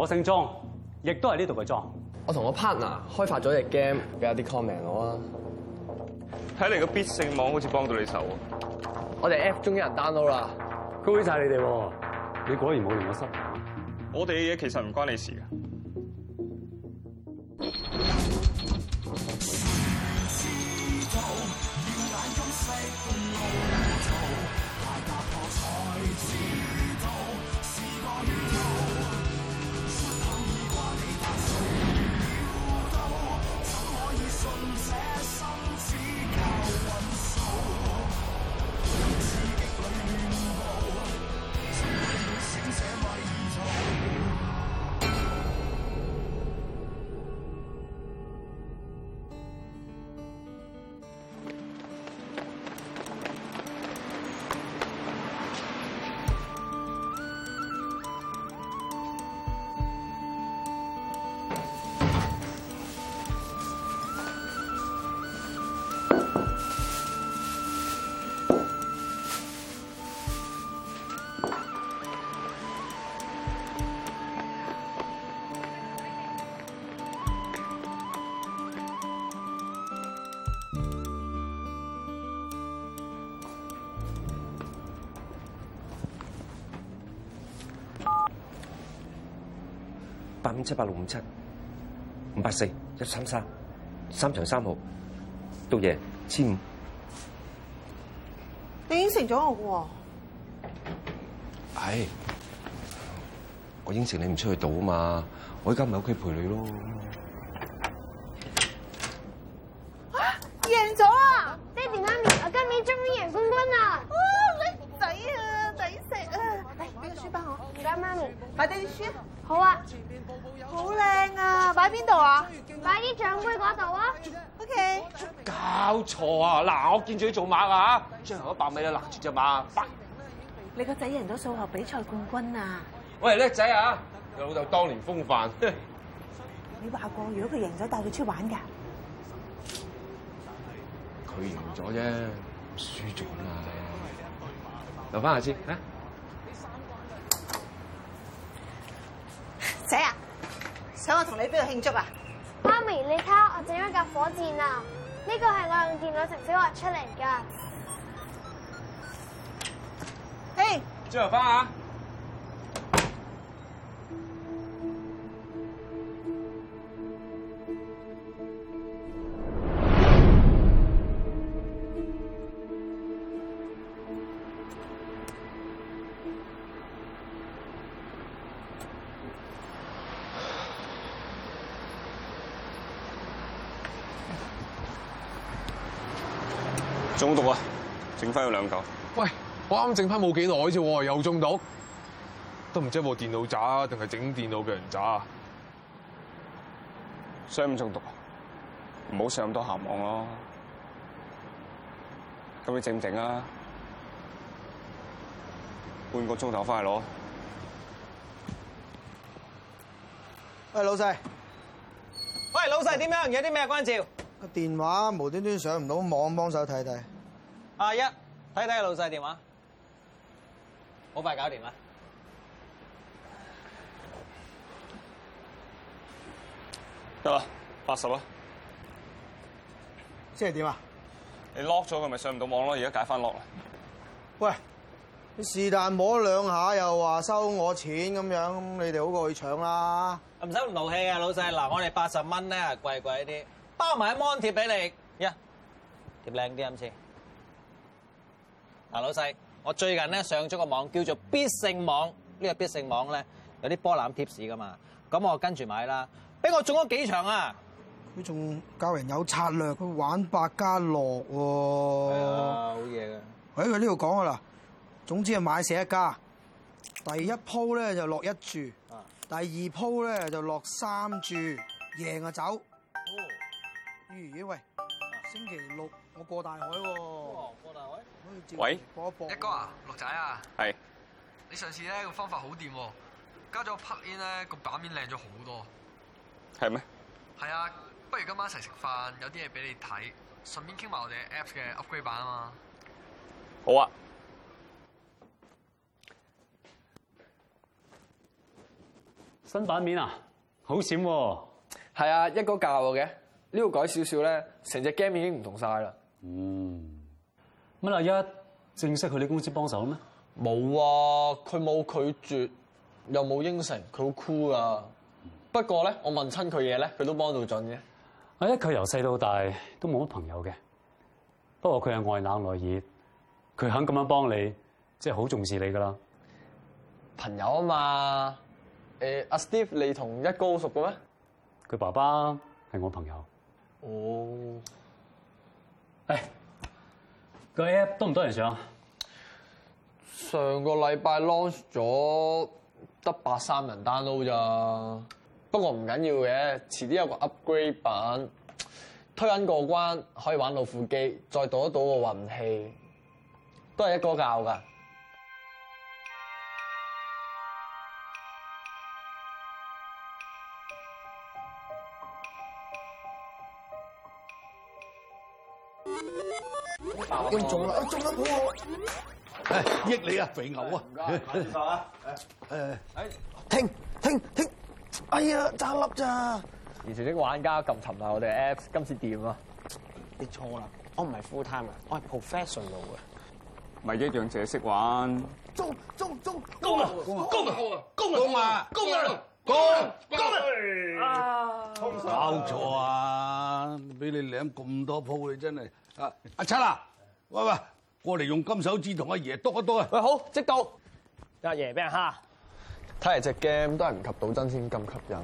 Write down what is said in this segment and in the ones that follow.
我姓莊，亦都係呢度嘅莊。我同我 partner 開發咗隻 game，俾啲 comment 我啊。睇嚟個必勝網好似幫到你手啊。我哋 app 終於有人 download 啦，恭喜晒你哋喎！你果然冇令我失望，我哋嘅嘢其實唔關你事㗎。八五七八六五七，五八四一三三，三場三號，到夜千五。你應承咗我㗎喎，唉，我應承你唔出去賭啊嘛，我而家唔喺屋企陪你咯。嚇！贏咗啊！爹哋媽咪，我今年終於贏冠軍啦！哇！叻仔啊，抵食啊！嚟，俾個書包好我，而家媽咪買低啲書，好啊！喺邊度啊？喺啲獎杯嗰度啊！OK。搞錯啊！嗱，我見住你做馬啊！最後一百米咧，勒住隻馬。你個仔贏咗數學比賽冠軍啊！喂，叻仔啊！有老豆當年風範。 你話過如果佢贏咗帶佢出玩噶，佢贏咗啫，輸咗嘛？留翻下先，哎。寫啊！想我同你邊度慶祝啊？媽咪，你睇下我整咗架火箭啊！呢個係我用電腦程式畫出嚟㗎。嘿，hey，最後返啊！中毒啊！整翻有兩嚿。喂，我啱整翻冇幾耐啫，又中毒，都唔知部電腦渣定係整電腦嘅人渣啊！想唔中毒啊？唔好上咁多鹹網咯。咁你整唔整啊？半個鐘頭翻去攞。喂，老細，喂，老細點樣？有啲咩關照？個電話無端端上唔到網，幫手睇睇。阿、uh, 一、yeah.，睇睇老細電話，好快搞掂啦，得啦，八十啦，即係點啊？你 lock 咗佢咪上唔到網咯？而家解翻 lock 啦。喂，你是但摸兩下又話收我錢咁樣，你哋好過去搶啦。唔使咁勞氣啊，不不老細，嗱，我哋八十蚊咧貴貴啲，包埋 mon 貼俾你，呀、yeah.，貼靚啲咁先嗱，老細，我最近咧上咗個網叫做必勝網，呢個必勝網咧有啲波膽貼士噶嘛，咁我跟住買啦，俾我中咗幾場啊！佢仲教人有策略，佢玩百家樂喎、啊。好嘢嘅。喺佢呢度講啊啦，總之係買死一家，第一鋪咧就落一注，第二鋪咧就落三注，贏就、啊、走。咦、哦哎、喂，星期六我過大海喎、啊哦。過大海。喂，一哥啊，六仔啊，係，你上次咧個方法好掂喎，加咗匹煙咧個版面靚咗好多，係咩？係啊，不如今晚一齊食飯，有啲嘢俾你睇，順便傾埋我哋 apps 嘅 upgrade 版啊嘛。好啊，新版面啊，好閃喎，係啊，一哥教我嘅，呢度改少少咧，成隻 game 已經唔同晒啦。嗯。乜阿一正式佢啲公司幫手咩？冇啊！佢冇拒絕，又冇應承，佢好 cool 啊！不過咧，我問親佢嘢咧，佢都幫到盡嘅。阿一佢由細到大都冇乜朋友嘅，不過佢係外冷內熱，佢肯咁樣幫你，即係好重視你噶啦。朋友啊嘛！誒、啊、阿 Steve，你同一哥熟嘅咩？佢爸爸係我朋友。哦。哎這個 App 多唔多人上？上個禮拜 launch 咗得百三人 download 咋，不過唔緊要嘅，遲啲有個 upgrade 版，推緊過關可以玩老虎機，再賭一賭個運氣，都係一哥教㗎.我已經中啦！我中咗破！益你啊，肥牛啊！唔該，喺邊度啊？誒，停停停！哎呀，渣粒咋？以前啲玩家咁沉迷我哋 apps，今次掂啊？你錯啦，我唔係 full time 噶，我係 professional 嘅，咪一樣淨係識玩。中中中！攻啊攻啊攻啊攻啊攻啊攻！攻！啊！交咗啊！俾你領咁多鋪，你真係啊！阿七啊，喂喂，過嚟用金手指同阿爺篤一篤啊！喂，好，即到，阿爺俾人蝦。睇嚟隻 game 都係唔及到真先咁吸引，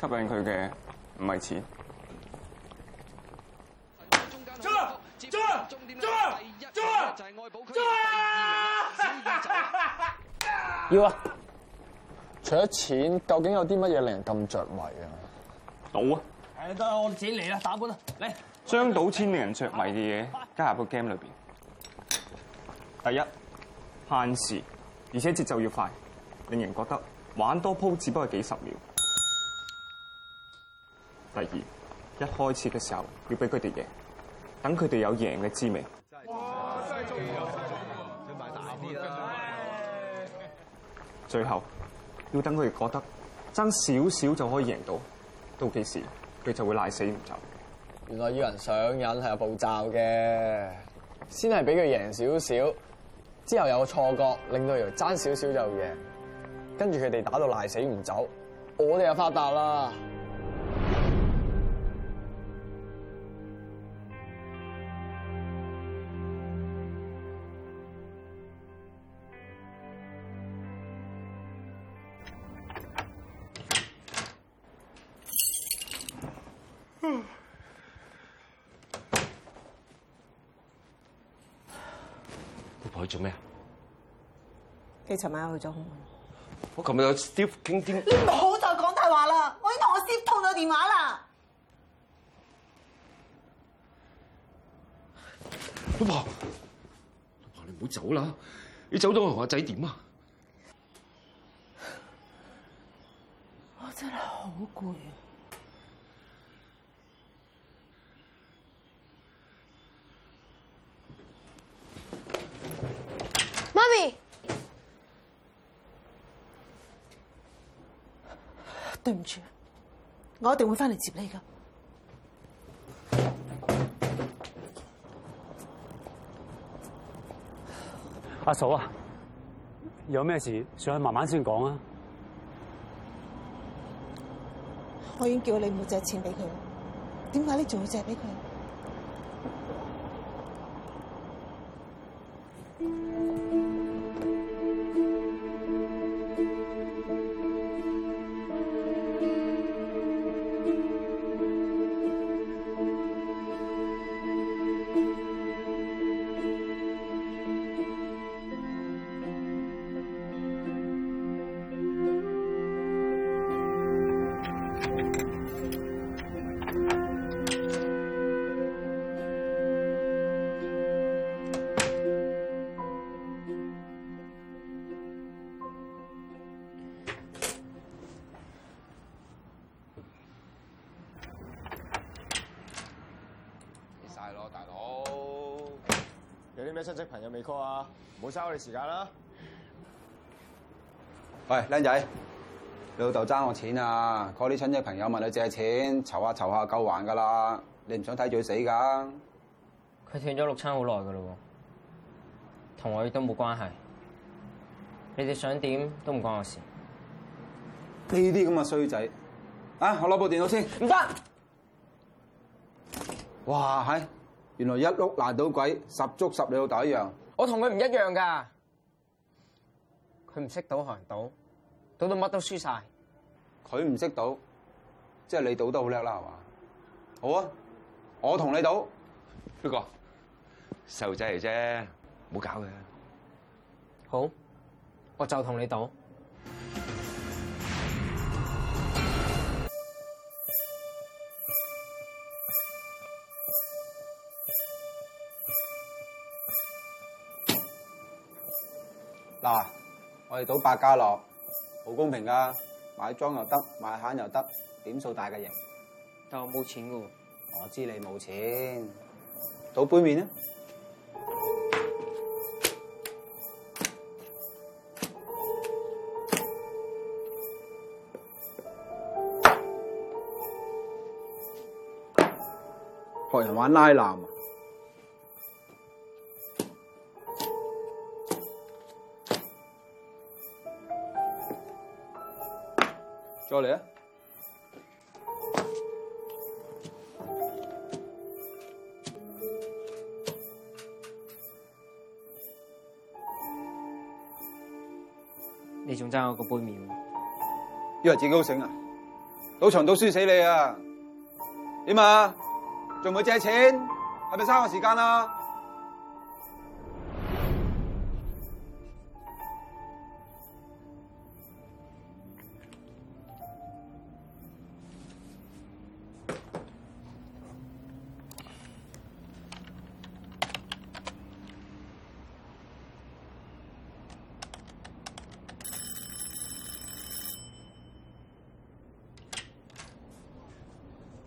吸引佢嘅唔係錢。中啊！中啊！中啊！中啊！啊！要啊！除咗錢，究竟有啲乜嘢令人咁着迷啊？賭啊！誒得我哋自己嚟啦，打官啦，嚟！將賭錢令人着迷嘅嘢加入個 game 裏面。第一，限時，而且節奏要快，令人覺得玩多鋪只不過幾十秒。第二，一開始嘅時候要俾佢哋贏，等佢哋有贏嘅滋味。真係啊！買大啲啦。最後，要等佢哋覺得爭少少就可以贏到。到幾時佢就會賴死唔走？原來要人上癮係有步驟嘅，先係俾佢贏少少，之後有個錯覺令到佢爭少少就贏，跟住佢哋打到賴死唔走，我哋又發達啦。什麼你去做咩啊？佢尋晚去咗。我琴日有 Steve 傾天。你唔好再講大話啦！我已經同我 Steve 通咗電話啦。老婆，老婆你唔好走啦！你走咗我同阿仔點啊？我真係好攰。對唔住，我一定會翻嚟接你㗎。阿嫂啊，有咩事上去慢慢先講啊。我已經叫你冇借錢俾佢，點解你仲要借俾佢？哥啊，唔好嘥我哋時間啦！喂，靚仔，你老豆爭我錢啊 call 啲親戚朋友問你借錢，籌下籌下夠還噶啦！你唔想睇住佢死噶、啊？佢斷咗六餐好耐噶啦，同我哋亦都冇關係。你哋想點都唔關我事。呢啲咁嘅衰仔，啊！我攞部電腦先，唔得！哇，係、哎、原來一碌爛到鬼，十足十你老豆一樣。我同佢唔一樣㗎，佢唔識賭，學人賭，賭到乜都輸晒。佢唔識賭，即係你賭得好叻啦，係嘛？好啊，我同你賭，不過細路仔嚟啫，唔好搞嘅。好，我就同你賭。嗱、啊，我哋賭百家樂，好公平㗎！買莊又得，買閒又得，點數大嘅贏。但我冇錢噶。我知你冇錢，賭杯麵啦。學人玩拉纜。過嚟，你仲爭我個杯麵？以為自己好醒啊？賭場都輸死你啊！點啊？仲唔借錢？係咪嘥我時間啊？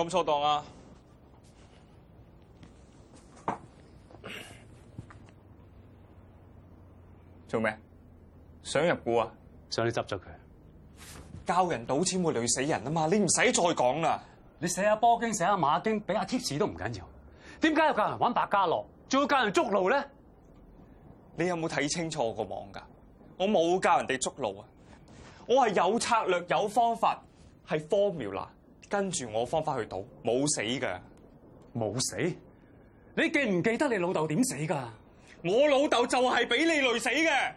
咁錯蕩啊！做咩？想入股啊？想你執咗佢？教人賭錢會累死人啊嘛！你唔使再講啦。你寫下波經、寫下馬經、俾阿 tips 都唔緊要。點解要教人玩百家樂？仲要教人捉路咧？你有冇睇清楚我個網噶？我冇教人哋捉路啊！我係有策略、有方法，係 formula。跟住我方法去賭，冇死噶，冇死。你記唔記得你老豆點死噶？我老豆就係俾你累死嘅。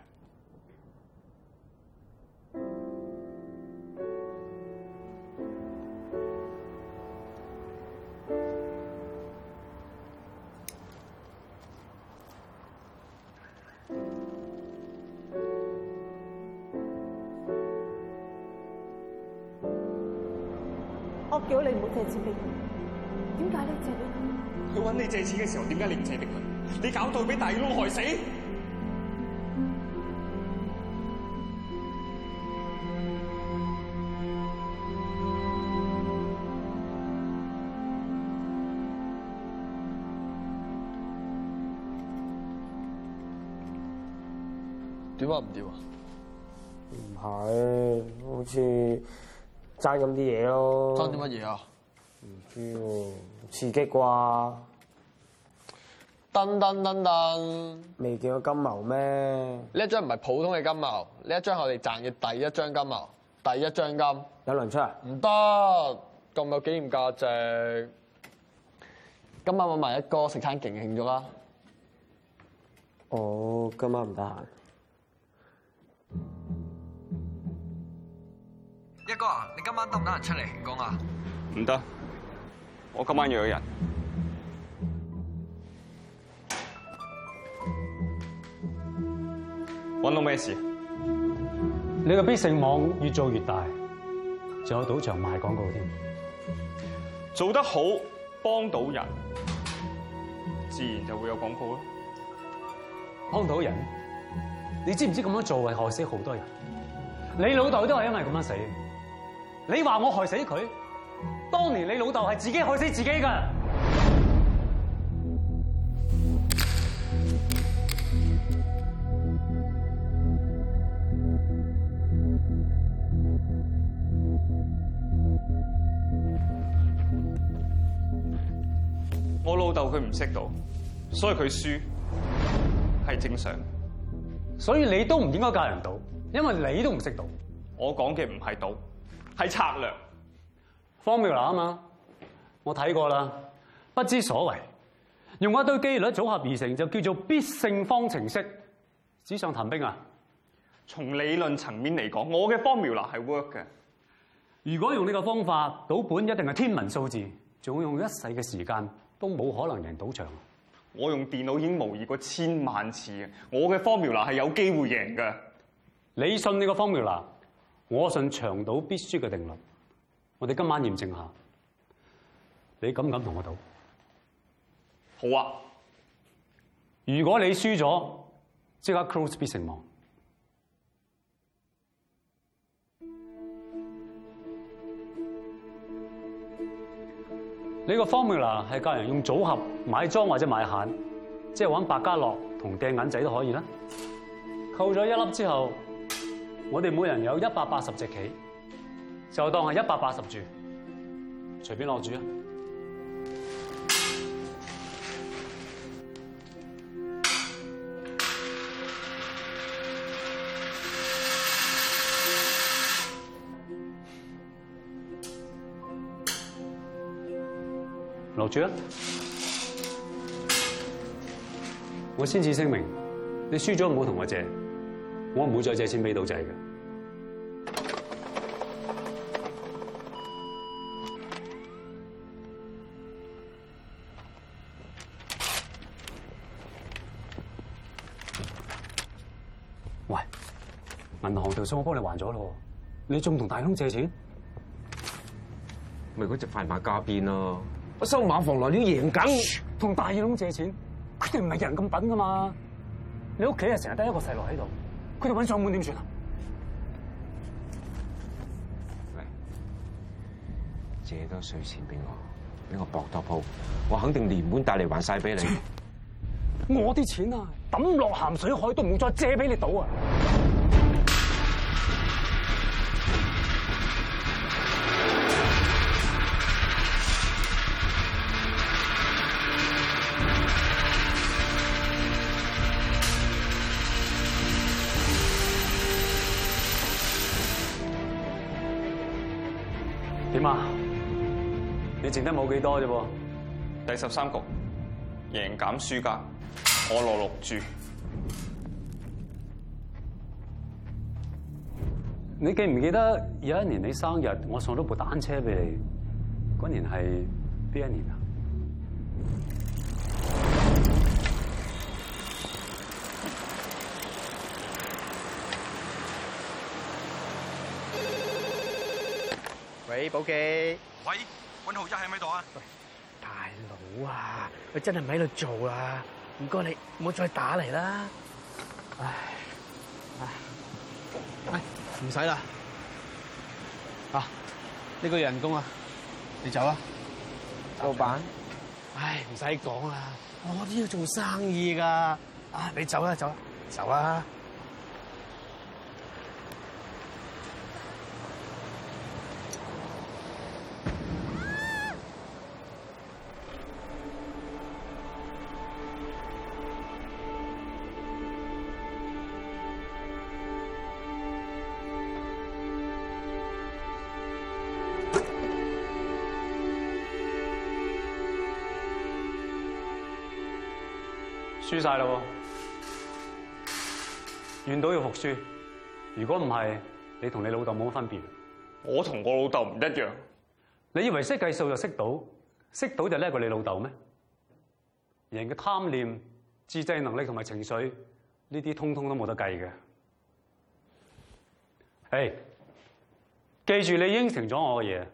為你借，點解咧，借俾佢？佢揾你借錢嘅時候，點解你唔借俾佢？你搞到俾大佬害死，丟啊唔丟啊？唔係，好似爭咁啲嘢咯，爭啲乜嘢啊？嗯、刺激啩！噔噔噔噔，未見過金牛咩？呢一張唔係普通嘅金牛，呢一張係我哋賺嘅第一張金牛，第一張金有輪出啊？唔得，咁有紀念價值。今晚搵埋一哥食餐勁慶祝啦！哦，今晚唔得閒。一哥啊，你今晚得唔得閒出嚟慶功啊？唔得。我今晚約咗人，揾到咩事？你個必勝網越做越大，仲有賭場賣廣告添。做得好，幫到人，自然就會有廣告咯。幫到人，你知唔知咁樣做會害死好多人？你老豆都係因為咁樣死，你話我害死佢？當年你老豆係自己害死自己噶我老豆佢唔識賭，所以佢輸係正常。所以你都唔應該教人賭，因為你都唔識賭。我講嘅唔係賭，係策略。formula 啊嘛，我睇過啦，不知所謂。用一堆機率組合而成就叫做必勝方程式，紙上談兵啊。從理論層面嚟講，我嘅 formula 係 work 嘅。如果用呢個方法賭本一定係天文數字，仲要用一世嘅時間都冇可能贏賭場。我用電腦已經模擬過千萬次，我嘅 formula 係有機會贏噶。你信呢個 formula，我信長賭必輸嘅定律。我哋今晚驗證一下，你敢唔敢同我賭？好啊！如果你輸咗，即刻 close 必成亡。呢個 formula 係教人用組合買莊或者買閒，即係玩百家樂同掟銀仔都可以啦。扣咗一粒之後，我哋每人有一百八十隻棋。就當係一百八十注，隨便落注啊！落注啊！我先至聲明，你輸咗唔好同我借我，我唔會再借錢俾賭仔嘅。銀行條數我幫你還咗咯，你仲同大兄借錢？咪嗰隻快馬加鞭咯！我收馬房來都要贏梗，同大耳窿借錢，佢哋唔係人咁品噶嘛？你屋企啊，成日得一個細路喺度，佢哋搵上門點算啊？借多水錢俾我，俾我搏多鋪，我肯定連本帶利還晒俾你。我啲錢啊，抌落咸水海都唔會再借俾你賭啊！剩得冇幾多啫噃，第十三局贏減輸加，我落六注。你記唔記得有一年你生日，我送咗部單車俾你？嗰年係邊一年啊？喂，寶記。喂。溫浩一喺咪度啊？大佬啊，佢真係唔喺度做啦，唔該你唔好再打嚟啦，啊這個啊啊。唉，唉，唔使啦。啊，呢個人工啊，你走啦，老闆。唉，唔使講啦，我都要做生意噶。啊，你走啦，啊，走啦，啊，走啦，啊。走啊輸晒啦！願賭要服輸，如果唔係，你同你老豆冇乜分別。我同我老豆唔一樣。你以為識計數就識賭，識賭就叻過你老豆咩？人嘅貪念、自制能力同埋情緒，呢啲通通都冇得計嘅。誒，記住你應承咗我嘅嘢。